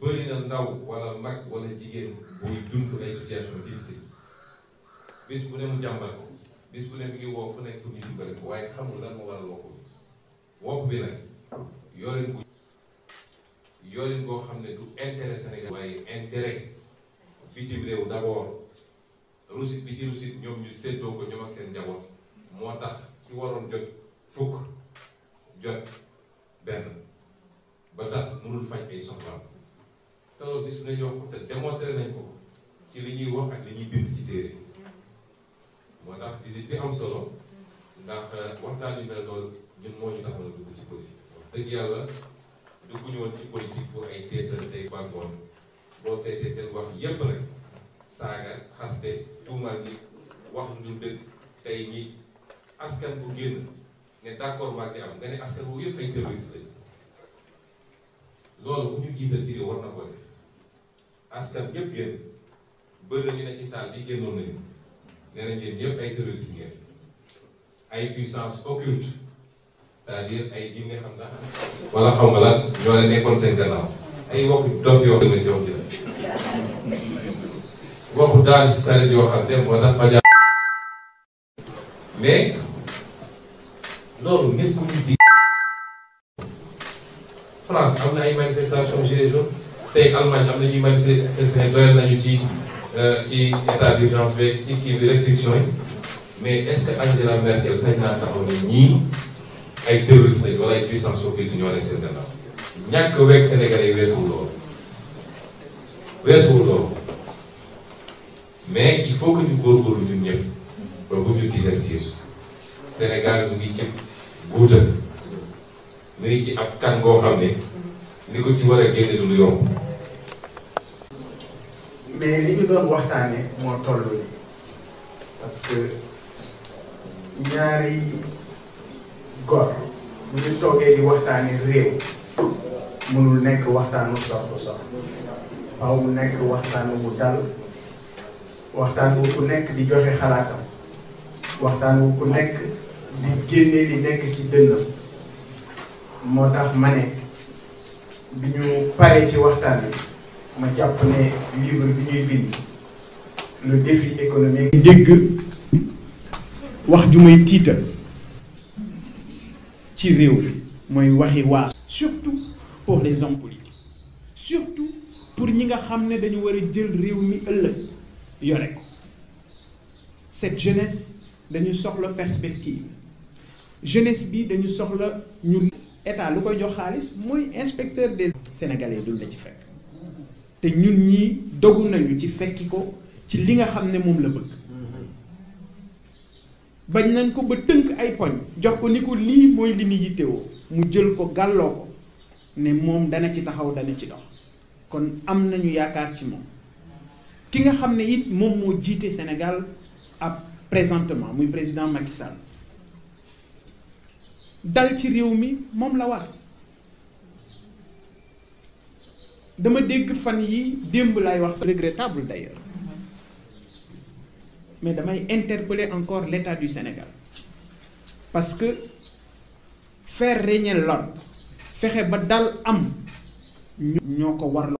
bëri na ndaw wala mag wala jigéen buy dund ay situation difficile bis bu ne mu jàmbat ko bis bu ne mi ngi woo fu nekk lan moo waral wopp bi wopp bi nag yorin bu yorin boo xam ne du intérêt Sénégal waaye intérêt bitim réew d'abord rusit bi rusit ñoom ñu séddoo ko ñoom ak seen njaboot moo tax ci waroon jot fukk ba tax mënul faj ay soxlaam te loolu bis bu ne ñoo ko te démontré ci li ñuy wax ak li ñuy bind ci téere moo tax visite bi am solo ndax euh, waxtaan yu mel loolu ñun moo ñu taxoon a dugg ci politique wax dëgg yàlla dugguñu woon ci politique pour ay teesal tey bànkoon boo seetee seen wax yépp nag saaga xaste tuumal gi wax ñu dëgg tey ñi askan bu génna ne d'accord ma ngi am nga ne askan bu yëpp ay terroriste lañ loolu ku ñu jiital ci réew war na askan yëpp génn bëri na ñu ne bi génnoon nañu nee nañ yéen ay terroristes ngeen ay puissance occulte cest ay jinne xam nga wala xaw nga la ñoo leen nekkoon ay waxu dof yoo xam ne jox jël daal si saret yoo xam loolu nit ku ñu di France ay manifestation gilets jaunes te Allemagne am na ñuy manifester doyal nañu ci euh, ci état d'urgence ci kii restriction yi mais est-ce que Angela Merkel sañ naa taxaw ne ñii ay terroriste lañ wala ay puissance occulte ñoo ne seen gannaaw ñàkk weeg Sénégalais yi weesuwul loolu weesuwul loolu mais il faut que ñu góorgóorlu ñun ñëpp ba bu ñu divertir Sénégal mu ngi ci guuta mu ngi ci ab kan goo xam li ko ci war a génne du yomb. mais li ñu doon moo toll nii parce que ñaari gor bu ñu toogee di waxtaanee réew mënul nekk waxtaanu soxla soxla waaw nekk waxtaanu bu dal waxtaan wu ku nekk di joxe xalaatam waxtaan wu ku nekk di génne nekk ci dënnam moo tax bi ñu paree ci waxtaan bi ma jàpp ne livre bi ñuy bind le défi économique. dégg wax ju may tiita ci réew mi mooy waxi waa. surtout pour les hommes politiques surtout pour ñi nga xam ne dañu war jël réew mi ëllëg yore ko cette jeunesse dañu soxla perspective jeunesse bi dañu soxla ñu. état lu koy jox xaalis mooy inspecteur de sénégalais dul la ci fekk te ñun ñii dogu nañu ci fekki ko ci li nga xam ne moom la bëgg bañ nañ ko ba tënk ay poñ jox ko ni ko lii mooy li ni yittewoo mu jël ko gàlloo ko ne moom dana ci taxaw dana ci dox kon am nañu yaakaar ci moom ki nga xam ne it moom moo jiite Sénégal ab présentement muy président Macky dal ci réew mi moom la war dama dégg fan yi démb laay wax sa regrettable d'ailleurs mais damay interpeller encore l'état du Sénégal parce que fer régner l'ordre fexe ba dal am ñoo ko warloo